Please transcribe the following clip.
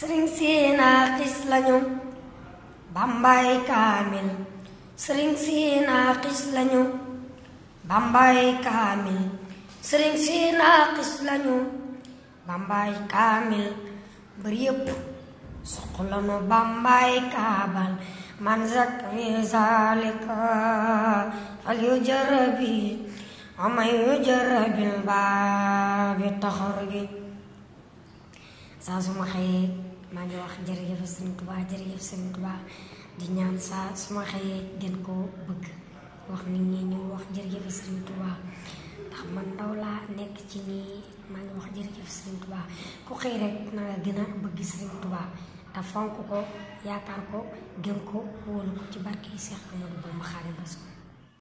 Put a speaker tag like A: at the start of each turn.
A: Sering siina xis lañu bambay kamil. Sering siina xis lañu bambay kamil. Sering siina xis lañu bambay kamil. Beriup, yépp soxlanu bambay kabal manzak zakri zalika jarabi yujarabi jarabil يجر بالباب تخرج
B: maa ngi wax jërëjëf sëriñ Tuubaa jërëjëf sëriñ Tuubaa di ñaan saa su ma xëyee gën koo bëgg wax nit ñi ñu wax jërëjëf sëriñ Tuubaa ndax man ndaw laa nekk ci ñii maa ngi wax jërëjëf sëriñ Tuubaa ku xëy rek na nga gën a bëgg sëriñ Tuubaa te fonk ko yaakaar ko gëm
C: ko wóolu ko ci barke yi Seex
D: Amadu Bamba Xaadimu Rasuul